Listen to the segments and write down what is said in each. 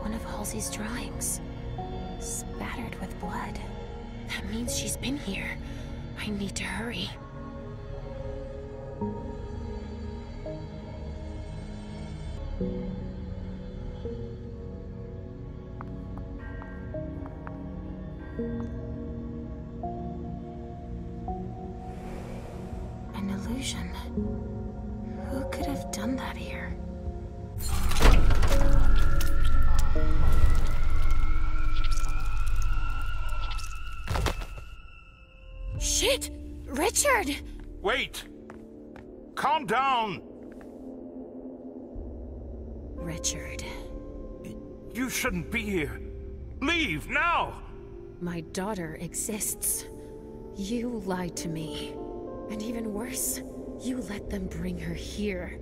One of Halsey's drawings. Spattered with blood. That means she's been here. I need to hurry. An illusion. Who could have done that here? Shit! Richard! Wait! Calm down! Richard. You shouldn't be here. Leave, now! My daughter exists. You lied to me. And even worse, you let them bring her here.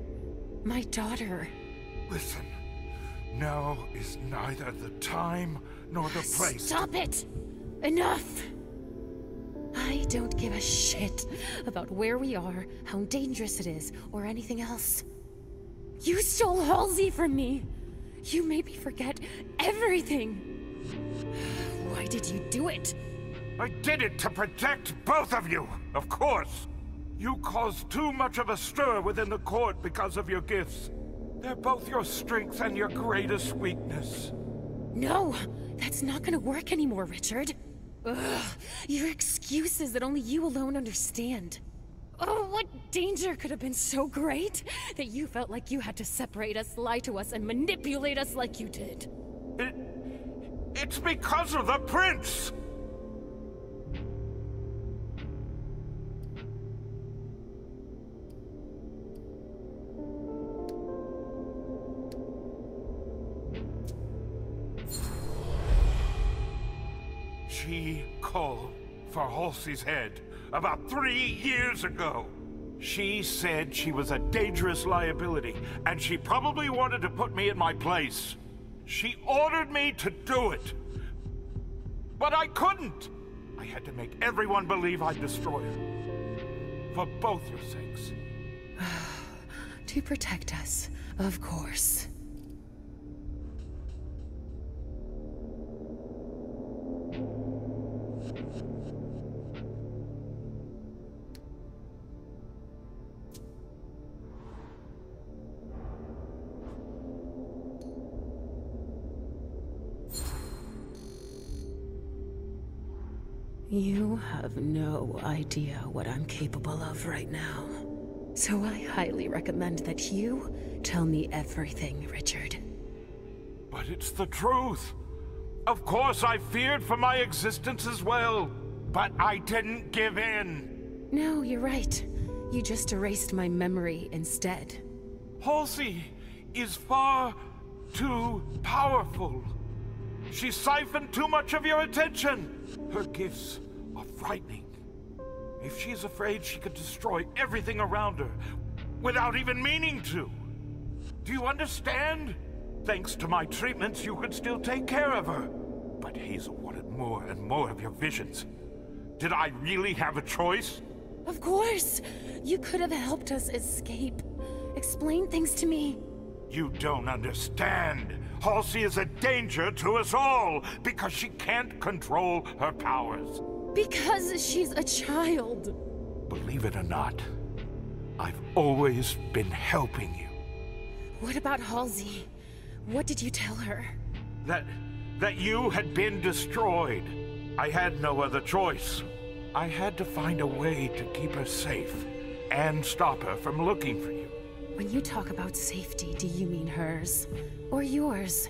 My daughter. Listen, now is neither the time nor the ah, place. Stop it! Enough! don't give a shit about where we are, how dangerous it is, or anything else. You stole Halsey from me! You made me forget everything! Why did you do it? I did it to protect both of you, of course! You caused too much of a stir within the court because of your gifts. They're both your strength and your greatest weakness. No! That's not gonna work anymore, Richard. Ugh, your excuses that only you alone understand. Oh, what danger could have been so great that you felt like you had to separate us, lie to us, and manipulate us like you did? It, it's because of the prince! She called for Halsey's head about three years ago. She said she was a dangerous liability, and she probably wanted to put me in my place. She ordered me to do it. But I couldn't. I had to make everyone believe I'd destroy her. For both your sakes. to protect us, of course. You have no idea what I'm capable of right now. So I highly recommend that you tell me everything, Richard. But it's the truth. Of course I feared for my existence as well, but I didn't give in. No, you're right. You just erased my memory instead. Halsey is far too powerful. She siphoned too much of your attention. Her gifts are frightening. If she is afraid, she could destroy everything around her without even meaning to. Do you understand? Thanks to my treatments, you could still take care of her. But Hazel wanted more and more of your visions. Did I really have a choice? Of course! You could have helped us escape. Explain things to me. You don't understand. Halsey is a danger to us all because she can't control her powers. Because she's a child. Believe it or not, I've always been helping you. What about Halsey? What did you tell her? That... that you had been destroyed. I had no other choice. I had to find a way to keep her safe and stop her from looking for you. When you talk about safety, do you mean hers? Or yours?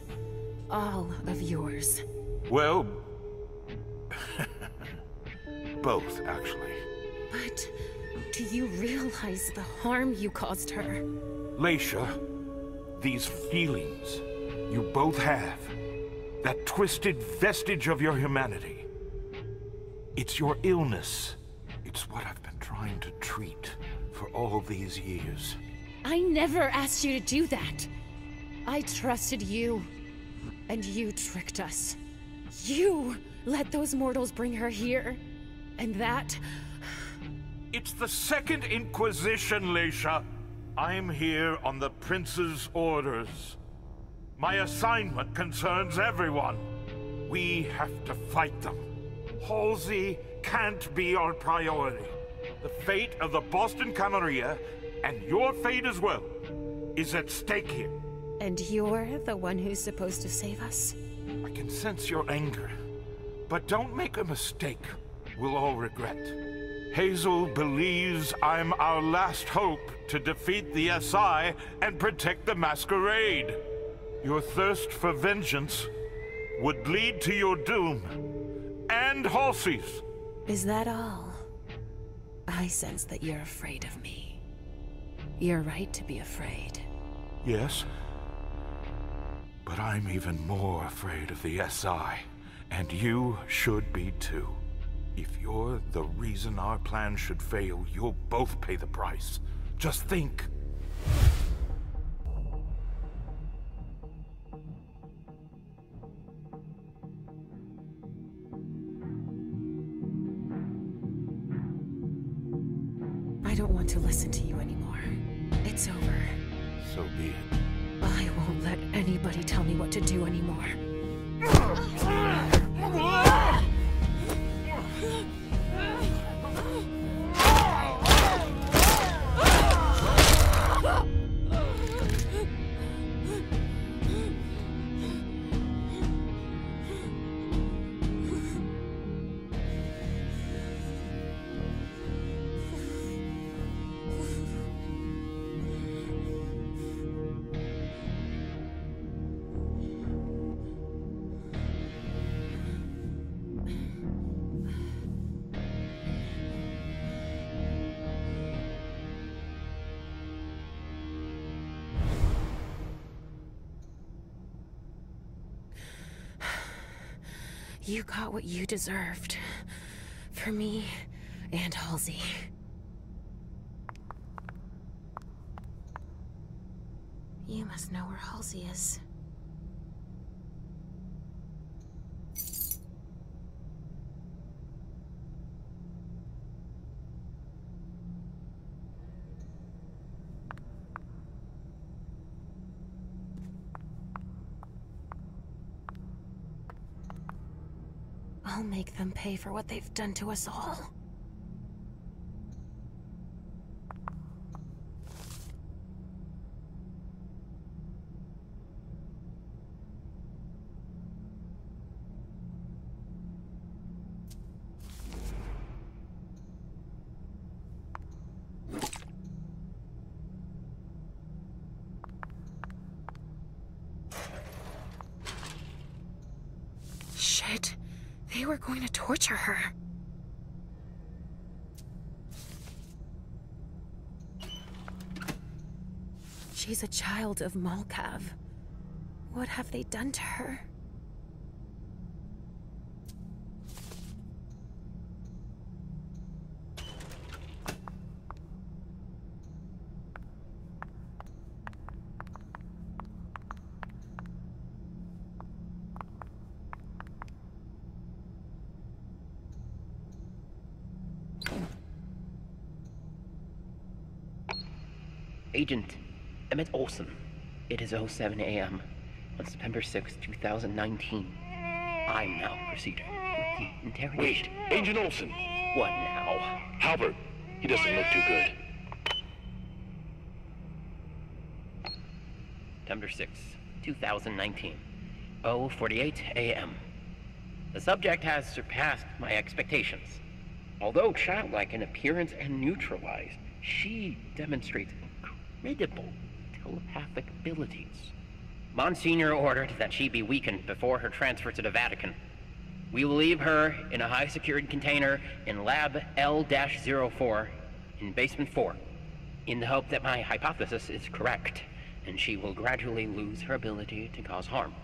All of yours? Well... both, actually. But do you realize the harm you caused her? Leisha, these feelings you both have, that twisted vestige of your humanity, it's your illness. It's what I've been trying to treat for all these years. I never asked you to do that. I trusted you, and you tricked us. You let those mortals bring her here, and that... It's the Second Inquisition, Leisha. I'm here on the Prince's orders. My assignment concerns everyone. We have to fight them. Halsey can't be our priority. The fate of the Boston Camarilla and your fate as well is at stake here. And you're the one who's supposed to save us? I can sense your anger. But don't make a mistake we'll all regret. Hazel believes I'm our last hope to defeat the SI and protect the Masquerade. Your thirst for vengeance would lead to your doom and Halsey's. Is that all? I sense that you're afraid of me. You're right to be afraid. Yes. But I'm even more afraid of the SI. And you should be too. If you're the reason our plan should fail, you'll both pay the price. Just think. So be it. I won't let anybody tell me what to do anymore. You got what you deserved. For me and Halsey. You must know where Halsey is. I'll make them pay for what they've done to us all. Shit. They were going to torture her. She's a child of Malkav. What have they done to her? Agent Emmett Olson. It is 07 a.m. on September 6, 2019. I'm now proceeding with the interrogation. Wait, Agent Olson. What now? Halbert. He doesn't look too good. September 6, 2019. 048 a.m. The subject has surpassed my expectations. Although childlike in appearance and neutralized, she demonstrates incredible telepathic abilities. Monsignor ordered that she be weakened before her transfer to the Vatican. We will leave her in a high secured container in Lab L 04 in Basement 4, in the hope that my hypothesis is correct, and she will gradually lose her ability to cause harm.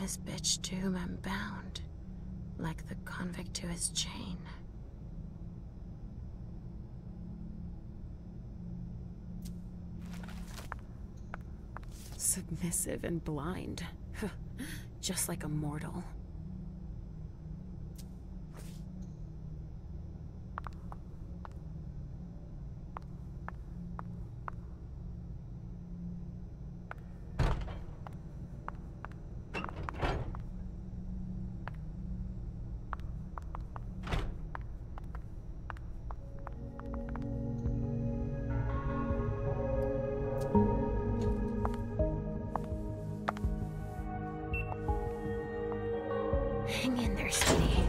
am bitch to whom I'm bound, like the convict to his chain. Submissive and blind, just like a mortal. Hang in there, sweetie.